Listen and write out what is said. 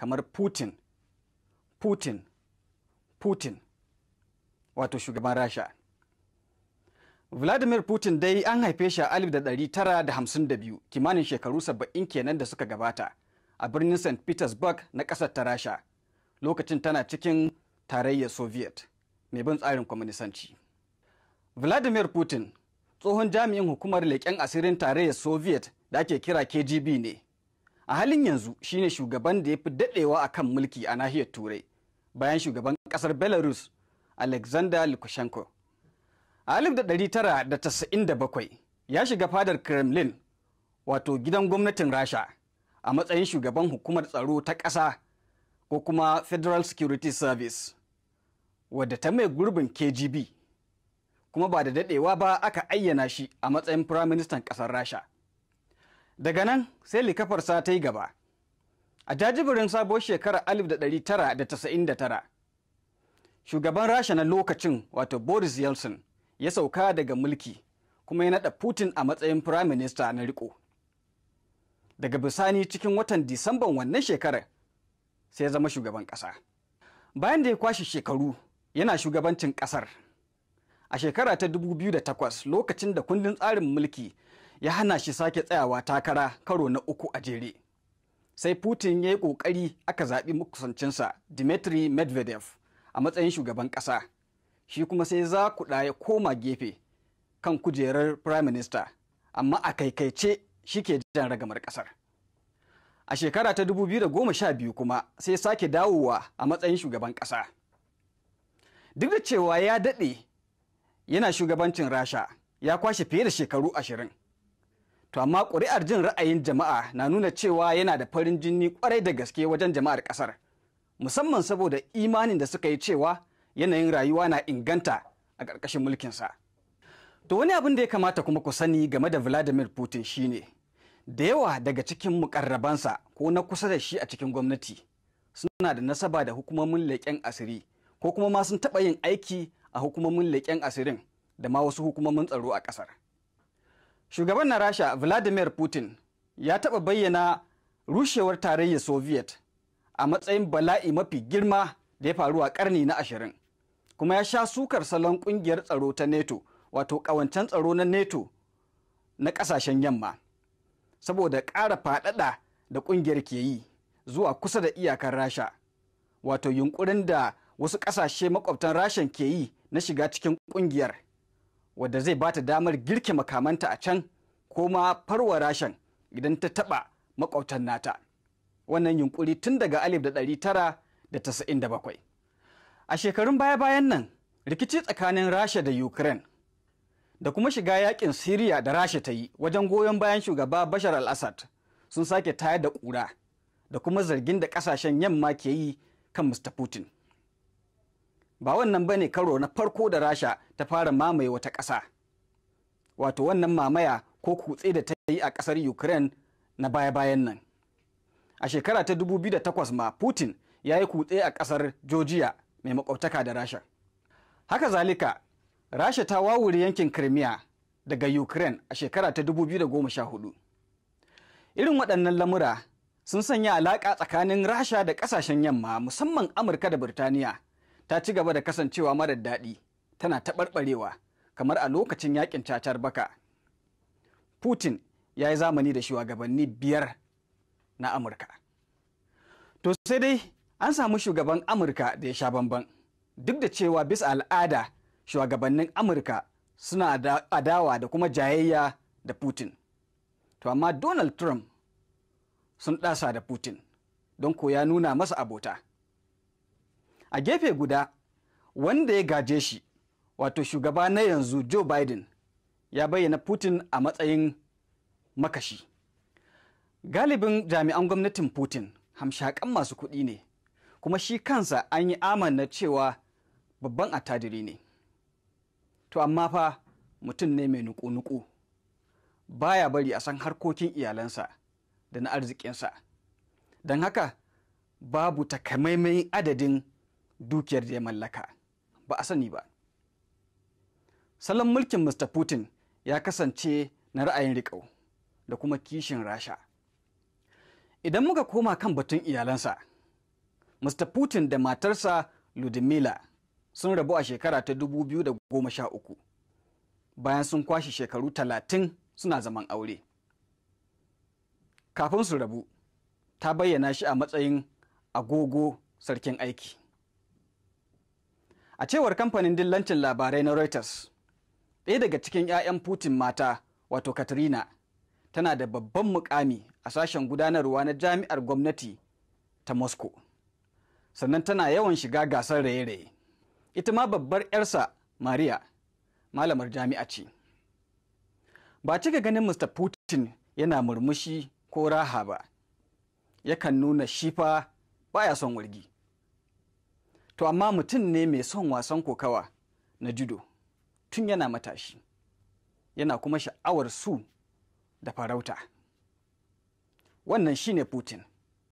kamar putin putin putin wato shugaban rasha vladimir putin dai an haife shi a biyu kimanin shekaru saba'in kenan da suka gabata a birnin st petersburg na ƙasar ta rasha lokacin tana cikin tarayyar soviet mai bin tsarin kwaminisanci vladimir putin tsohon jami'in hukumar leƙen asirin tarayyar soviet da ake kira kgb ne a halin yanzu shine shugaban da ya fi daɗewa a kan mulki a nahiyar turai bayan shugaban ƙasar belarus alexander lukashenko a 1997 ya shiga fadar kremlin wato gidan gwamnatin rasha a matsayin shugaban hukumar tsaro ta ƙasa ko kuma federal security service wadda ta mai gurbin kgb kuma ba da daɗewa ba aka ayyana shi a matsayin firaministan ƙasar rasha daga nan sai likafarsa ta yi gaba a jajibirin sabuwar shekarar 1999 shugaban rasha na lokacin wato boris yeltsin ya sauka daga mulki kuma ya naɗa putin a matsayin firaminista na riko daga bisani cikin watan disamban wannan shekarar sai ya zama shugaban ƙasa bayan da ya kwashe shekaru yana shugabancin ƙasar a shekara ta 2008 lokacin da kundin tsarin mulki ya hana shi sake tsayawa takara karo na uku a jere sai putin ya yi ƙoƙari aka zaɓi makusancinsa dmitry medvedev a matsayin shugaban ƙasa shi kuma sai za ku ya koma gefe kan kujerar prime minister amma a kaikaice shi ke jan ragamar ƙasar a shekara ta 2012 kuma sai sake dawowa a matsayin shugaban ƙasa duk da cewa ya daɗe yana shugabancin rasha ya kwashe fiye da shekaru ashirin to amma ƙuri'ar jin ra'ayin jama'a na nuna cewa yana da farin jini kwarai da gaske wajen jama'ar ƙasar musamman saboda imanin da suka yi cewa yanayin rayuwa na inganta a ƙarƙashin mulkinsa to wani abin da ya kamata kuma ku sani game da vladimir putin shine da yawa daga cikin mukarrabansa ko na kusa da shi a cikin gwamnati suna da nasaba da hukumomin leƙen asiri ko kuma ma sun taɓa yin aiki a hukumomin leƙen asirin da ma wasu hukumomin tsaro a ƙasar Shugaban na Rasha Vladimir Putin ya taɓa bayyana rushewar tarayyar Soviet a matsayin bala'i mafi girma da ya faru a ƙarni na ashirin. Kuma ya sha sukar salon ƙungiyar tsaro ta NATO, wato ƙawancen tsaro na NATO na ƙasashen yamma. Saboda ƙara faɗaɗa da ƙungiyar ke yi zuwa kusa da iyakar Rasha, wato yunƙurin da wasu ƙasashe maƙwabtan Rashan ke yi na shiga cikin ƙungiyar. wadda zai ba ta damar girke makamanta a can ko ma farwa rashen idan ta taba makwabtan nata wannan yunkuri tun daga 1997 a shekarun baya-bayan nan rikici tsakanin rasha da ukraine da kuma shiga yakin syria da Rasha ta yi wajen goyon bayan shugaba Bashar al-Assad sun sake tayar da ƙura da kuma zargin da kasashen yamma ke yi kan Mr. Putin. ba wannan ba ne karo na farko da rasha ta fara mamaye wata ƙasa wato wannan mamaya ko kutse da ta yi a ƙasar ukraine na baya-bayan nan a shekara ta 2008 ma putin ya yi kutse a ƙasar georgia mai makwabtaka da rasha haka zalika rasha ta wawure yankin crimea daga ukraine a shekara ta 2014 irin waɗannan lamura sun sanya alaƙa tsakanin rasha da ƙasashen yamma musamman amurka da birtaniya ta ci gaba da kasancewa mara daɗi tana taɓarɓarewa kamar a lokacin yakin cacar baka putin ya yi zamani da shugabanni biyar na amurka to sai dai an samu shugaban amurka da ya sha bamban duk da cewa bisa al'ada shugabannin amurka suna adawa da kuma jayayya da putin to amma donald trump sun ɗasa da putin don ko ya nuna masa abota a gefe guda wanda ya gaje shi wato shugaba na yanzu joe biden ya bayyana putin a matsayin makashi galibin jami'an gwamnatin putin hamshakan masu kuɗi ne kuma shi kansa an yi amana cewa babban attajiri ne to amma fa mutum ne mai nuku-nuku baya bari a san harkokin iyalansa da na arzikinsa don haka babu takamaiman adadin dukiyar da ya mallaka ba a sani ba salon mulkin mr putin ya kasance na ra'ayin riƙau da kuma kishin rasha idan muka koma kan batun iyalansa mr putin da matarsa ludmila sun rabu a shekara ta 2013 bayan sun kwashe shekaru 30 suna zaman aure kafin su rabu ta bayyana shi a matsayin agogo sarkin aiki A cewar kamfanin dillancin labarai na Reuters, ɗaya daga cikin 'ya'yan Putin mata, wato Katrina, tana da babban mukami a sashen gudanarwa na jami'ar gwamnati ta Moscow. Sannan tana yawan shiga gasar raye-raye. Ita ma babbar 'yarsa, Maria, malamar jami'a ce. Ba cika ganin Mr. Putin yana murmushi ko raha ba, yakan nuna shifa baya son wargi. to amma mutum ne mai son wasan kokawa na judo tun yana matashi yana kuma sha'awar su da farauta wannan shine putin